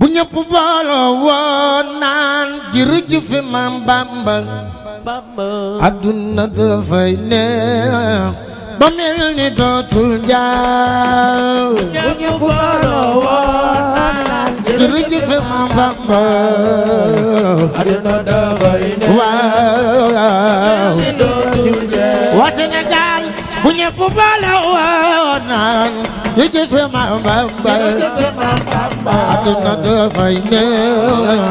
bu ñëpp booloo woon naan jiruju fi maam Bamba adduna dafay neex ba mel ni dootul jaaw woon naan jiruju fi maam Bamba woon naan yëjëf ma Bamba àdduna dafay néew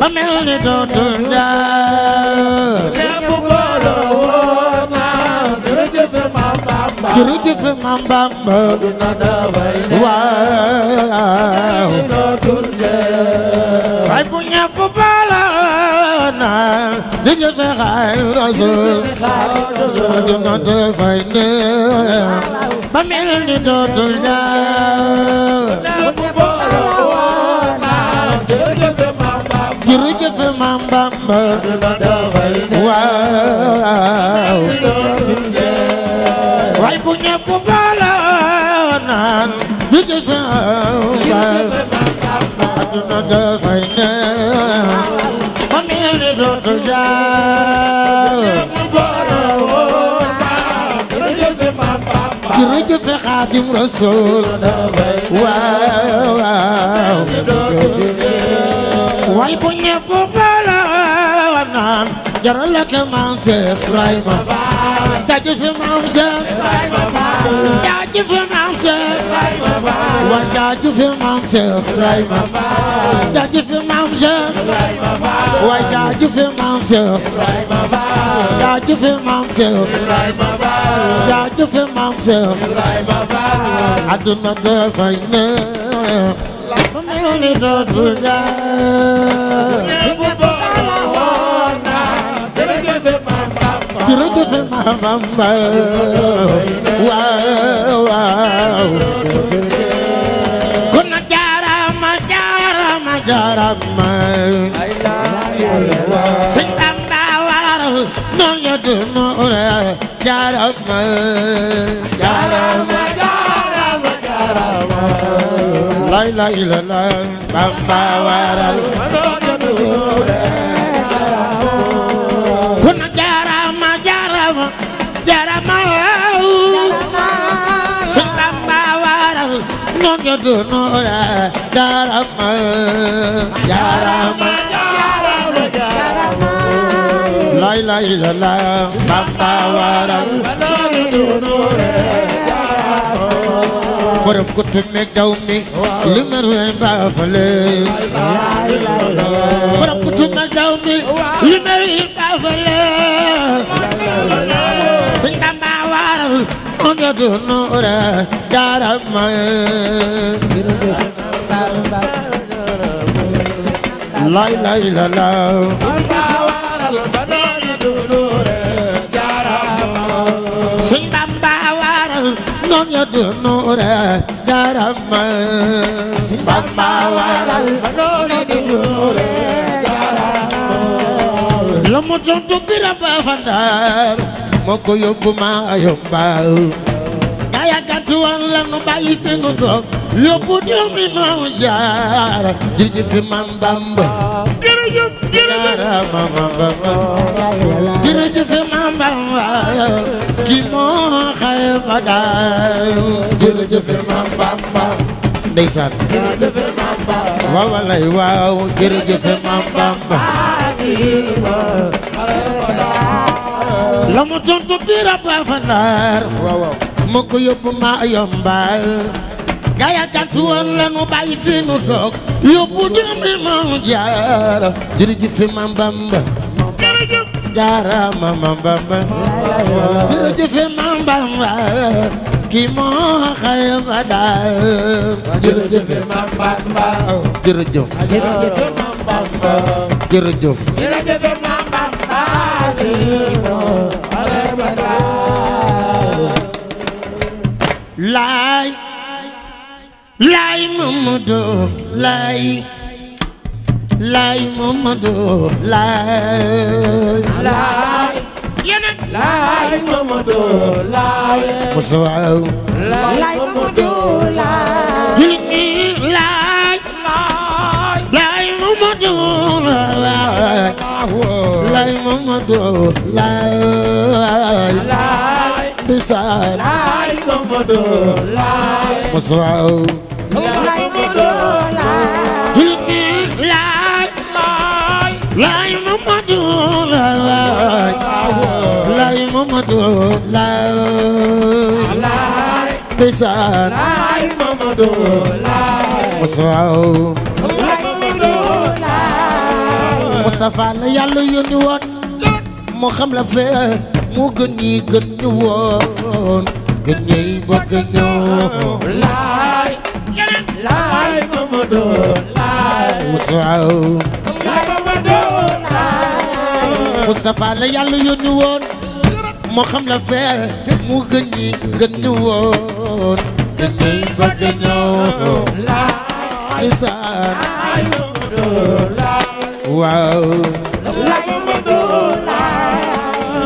ba mel ni dootul jaar lépp booloo woo naa jërëjëf ma Bamba jërëjëf ma Bamba àdduna dafay néew waaw dootul jaar waaye bu ñëpp booloo naa jërëjëf xaay rasul àdduna dafay néew ba ni dootul daaw jërëjëf Maam Bamba waaw waaye bu ñëpp booloo naan jërëjëf Maam Bamba aduna dafay ne dëgg fi xaadim rasul waaw waaw way bu ñëpp jaral la ke maam Seex Ibrahima Faal jaajëf maam Seex Ibrahima Faal jaajëf maam Seex Ibrahima Faal wa jaajëf maam Seex Ibrahima Faal jaajëf maam Seex Ibrahima Faal wa jaajëf maam Seex Ibrahima Faal jaajëf maam Seex Ibrahima Faal jaajëf maam Seex Ibrahima Faal àdduna dafay ne la mel ni dootul jaar jërëjëf Mama Mba waaw waaw kon nag jaarama jaarama jaarama sëñ Bamba waral noon yo du noore jaarama jaarama jaarama jaarama la ilaha illallah Bamba waral noon yo du noore jaraama jaraama waaw su Bamba waral noon yo du nuura jaraama jaraama la ilaha illallah Bamba waral noon yo du nuura jaraama borom ku tumme daw mi li mer wey mbaa fale borom ku tumme daw mi li mer wey mbaa fale Momadou Noura Darab ma. lay lay la law. sëñ Bamba waral Momadou Noura Darab ma. sëñ Bamba waral Momadou Noura la mu tontu Biraba Fandar moo ko yóbbu maa yombal gayakatu wan la nu bàyyi fi nu toog yóbbu doomi maam jaar jërëjëf fi maam Bamba jërëjëf jërëjëf jërëjëf maam Bamba kii moo xay badar jërëjëf maam Bamba ndeysaan jërëjëf maam Bamba waaw walay waaw jërëjëf maam Bamba la mu tontu biir ab afanaar mu ko yóbbu ma yombaal gaa ya gàttu woon la nu bàyyi fi nu toog yóbbu doomi maam jaara jërëjëf maam Bamba jaaraama maam Bamba jërëjëf maam Bamba kii moo xëy ma daal jërëjëf maam Bamba jërëjëf jërëjëf maam Bamba jërëjëf jërëjëf maam Bamba Xaadimu Rasuul laay laay Mamadu laay laay Mamadu laay laay yeneen laay lay Mamadu lay lay bisa lay Mamadu lay Musaw lay Mamadu lay lay lay Mamadu lay lay Mamadu lay lay bisa lay Mamadu lay Musaw Moustapha la yàlla yónni woon mu xam la fe mu gën ñi gën ñu woon gën ñay bëgg ñoo laay laay Mamadou laay Moustapha laay Mamadou laay Moustapha la yàlla yónni woon mu xam la fe mu gën ñi gën ñu woon gën ñay bëgg ñoo laay laay Mamadou laay waaw laay Abdoulaye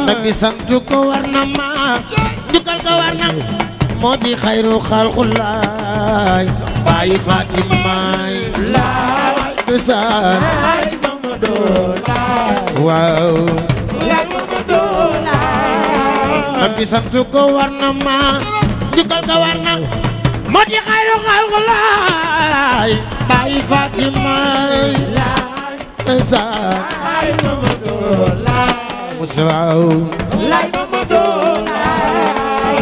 nag bi sant ko war na ma jukkal ko war na moo di xayru xalqulaay bàyyi Fatimaay laay de saan laay Abdoulaye waaw laay war na ma jukkal ko war na moo di xayru insan lay mama doola musraaw lay mama doola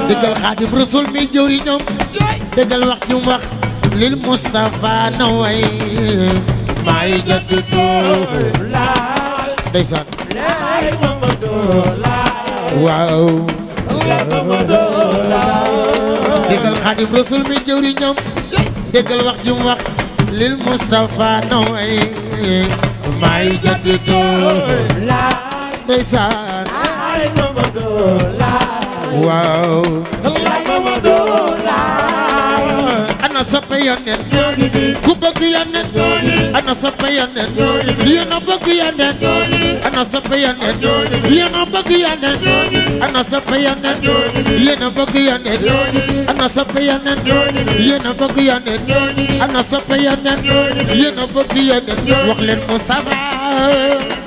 dëggal xaadim rasul mi jëwriñam dëggal wax lay mama doola waaw lay lil Mustafa na way may jadd door laay ndeysaan laay mama door laay waaw laay mama door laay ana soppa yonent ku bëgg yonent ana soppa yonent yéen a bëgg yonent ana soppa yonent yéen a bëgg yonent ana soppa yonent yéen a bëgg yonent ana soppa yonent yéen a bëgg yonent ana soppa yonent yéen a bëgg yonent wax leen Mustafa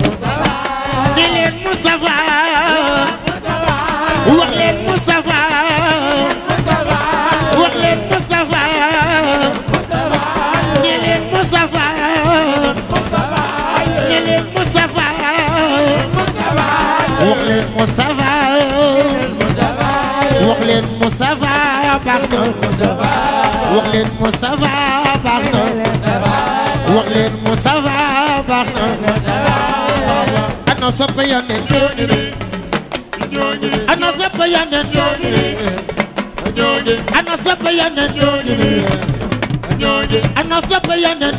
Mustafa ne leen Mustafa wax leen Moustapha wax leen Moustapha baax na wax leen Moustapha baax na wax leen Moustapha baax na ana soppa yonent ana soppa yonent ana soppa yonent ana sopp yeneen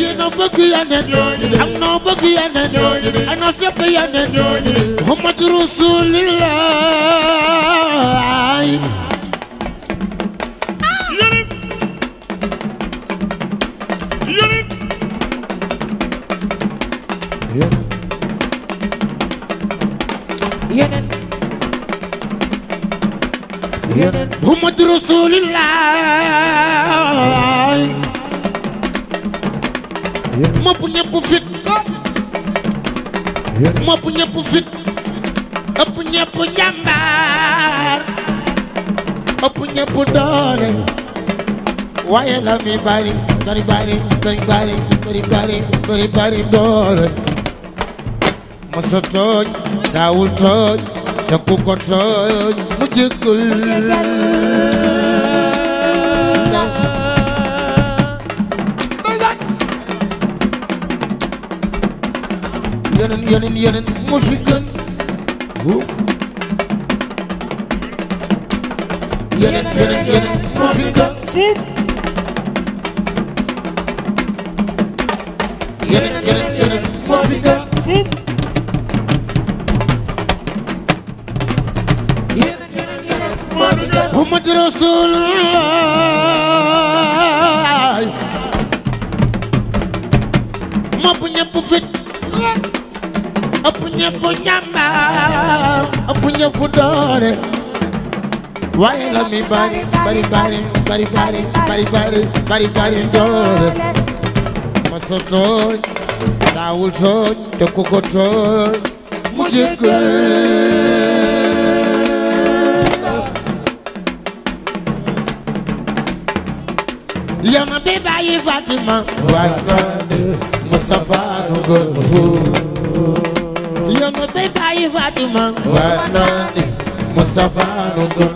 yéen a bëgg yeneen am noo bëgg yeneen ana sopp yeneen Muhammad Rasulillah yeneen محمد رسول الله mopp ñëpp fit mopp ñëpp fit ëpp ñëpp njàmbaar ëpp ñëpp doole waaye la mi bari bari bari bari bari bari bari bari bari doole masa tooj daawul tooj te ku ko tooñ mu jégal yeneen yeneen yeneen mu fi gën uuf yeneen yeneen yeneen mu fi gën yeneen yeneen ëpp ñambaar ëpp ñëpp doore waaye la mi bari bari bari bari bari bari bari bari bari doore ma sa tooñ daawul tooñ te ku ko tooñ mu jéggal Yona bi bàyyi Fatima. Wàllu Mustapha Ngor Mbour. yoonu tey bàyyi Fatima. waa naa ne Moustapha nu góor.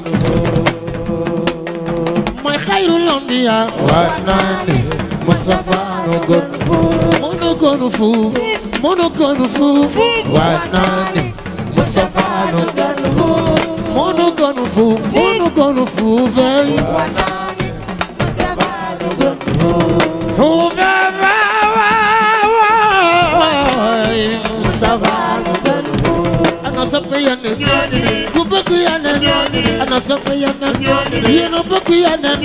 mooy xayru londiya. waa naa ne Moustapha nu góor. mënu ko nu fuuf. mënu ko nu fuuf. waa naa ne Moustapha nu góor. mënu ko nu fuuf. mënu ko nu fuuf. waa naa ne Moustapha nu góor. fuuf. sopp yeneen ku bëgg yeneen ana sopp yeneen yéen a bëgg yeneen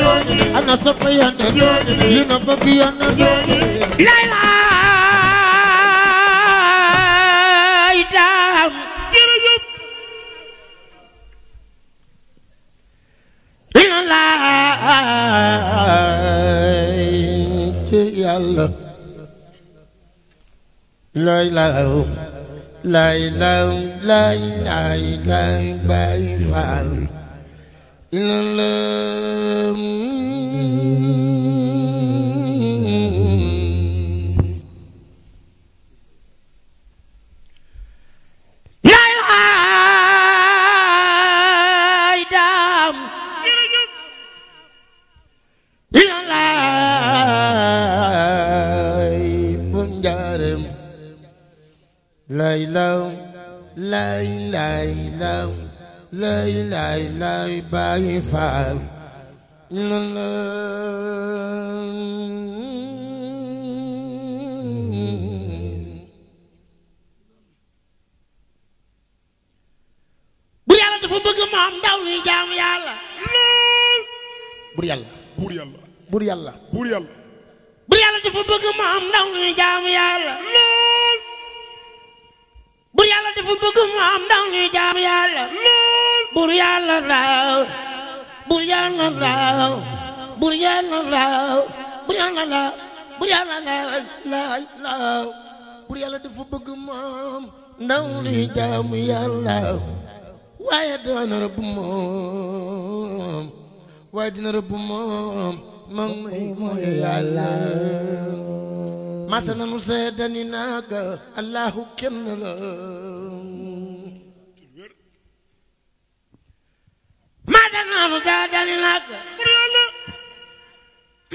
ana sopp yeneen yéen a bëgg yeneen lay laay daam jërëjëf lay laay ci yàlla lay laay lay law lay lay lay lay law lay lay law lay Faal la la bur yàlla dafa bëgg ma am ndaw jaam yàlla yàlla dafa bëgg mu am ndaw ñuy jaam yàlla. buur yàlla laaw. buur yàlla laaw. buur yàlla laaw. buur yàlla laaw. buur yàlla laaw. buur yàlla dafa bëgg mu am ndaw ñuy jaam yàlla. waaye dina rëbb moom. waaye dina rëbb moom. moom mooy yàlla. masa nanu seedani naaka allahu kenn la masa nanu seedani naaka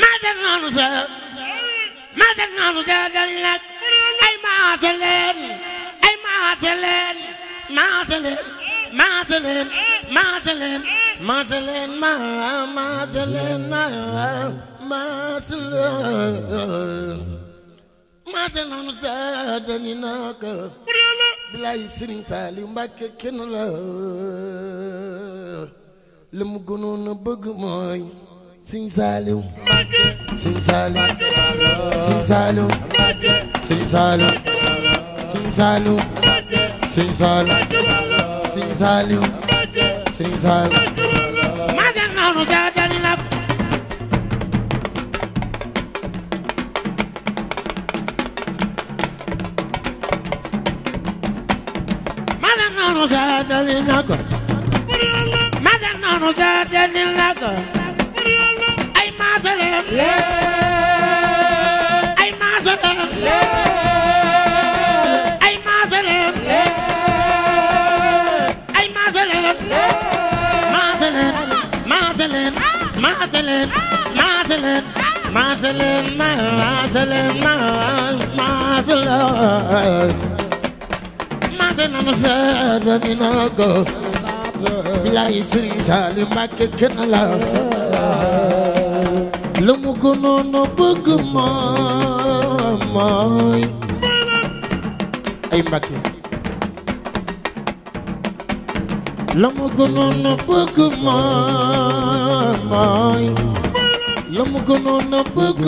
masa nanu se masa nanu seedani naaka ay maase leen ay maase leen maase leen maase leen maase leen maase leen ma maase leen ma maase leen maafe naan saadani naa ko bilaay sëriñ Saaliw Mbàkke kenn la li mu gënoon a bëgg mooy sëriñ Saaliw sëriñ Saaliw sëriñ Saaliw sëriñ Saaliw sëriñ Saaliw sëriñ Saaliw sëriñ Saaliw sëriñ Saaliw naanu saa dalil na ko. magal naanu saa dalil na ko. ay maasaleem. ay maasaleem. ay maasaleem. ay maasaleem. maasaleem. maasaleem. maasaleem. maasaleem. maasaleem. maasaleem. maasaleem. kenn la seede mi na ko bilaay Serigne la mu gënoon a bëgg moom mooy ay mu gënoon a bëgg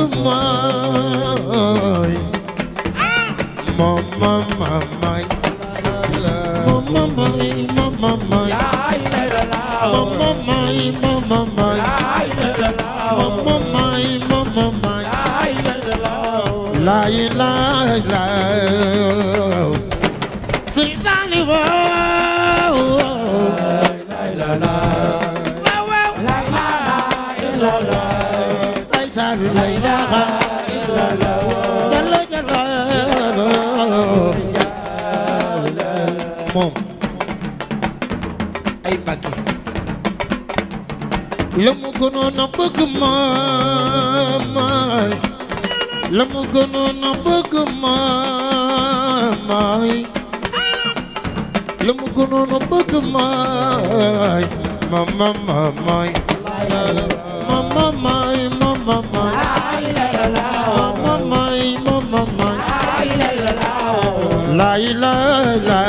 moom mooy la la la mu gënoon a bëgg maamaay la mu gënoon a bëgg maamaay la mu gënoon a bëgg maay mama maamaay mama maay mama maay mama maay mama maay la ilaha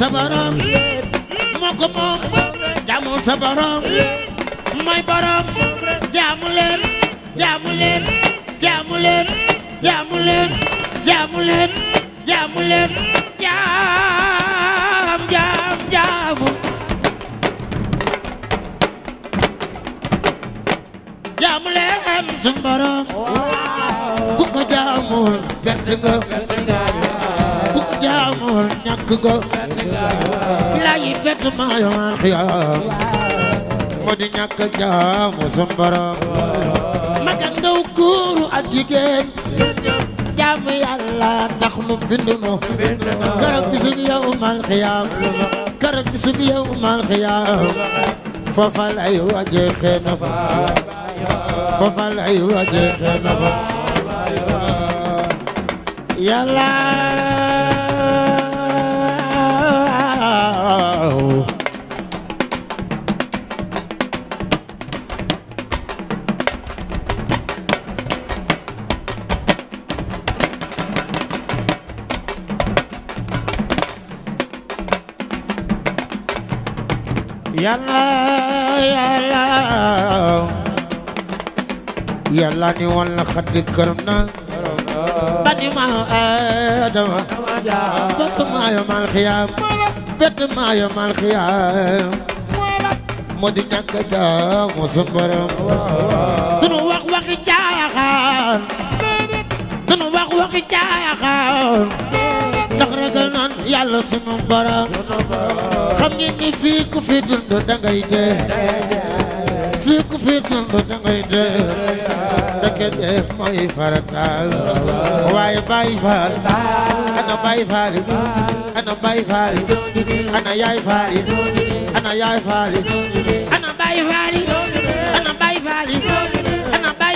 sa borom moo ko moom jaamu sa borom mooy borom jaamu leen jaamu leen jaamu leen jaamu leen jaamu leen jaamu leen jaam jaam jaamu jaamu leen sun borom ku ko jaamul gerte nga jaamoon ñàkk go layi bett maa yoon xiyaam moo di ñàkk jaamu sun borom mag ak ndaw góor ak jigéen xiyaam keroog bisub yawmal xiyaam foofa yàlla yàlla yàlla ni woon la xadd këram na bani maayo aadama bët maayo mal xiyaam bët maayo mal xiyaam moo di ñàkk jaamu sun borom dunu wax waxi jaaxaan dunu wax waxi jaaxaan ndax ragal naan yàlla sunu borom xam ngeen ni fii ku fi dund dangay dee fii ku fi dund dangay dee dëkk dee mooy farataal waaye bàyyi faal ana bàyyi faal ana ana yaay faal ana ana bàyyi faal ana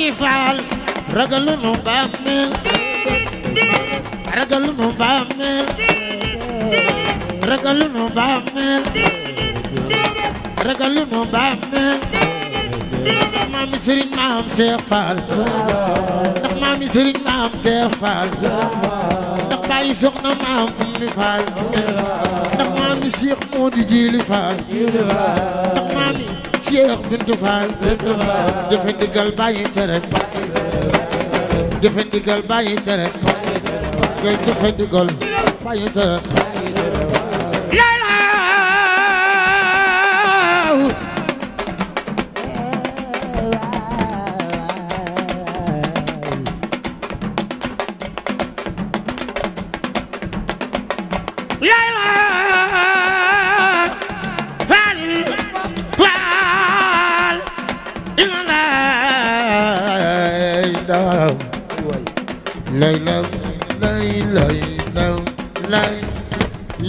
yi faal ragalu nu bàmmeel ragalu nu bàmmeel ragalu nu bàmmeel ragalu nu bàmmeel ndax maami sëriñ maam Seex Faal ndax maami sëriñ maam Seex Faal ndax bàyyi soxna maam Ummi Faal ndax maami Seex moo di jiili Faal ndax maami jeex bintu faal jëfe laylaw laylaw law lay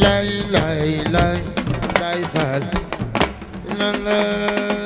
lay lay lay lay faal la la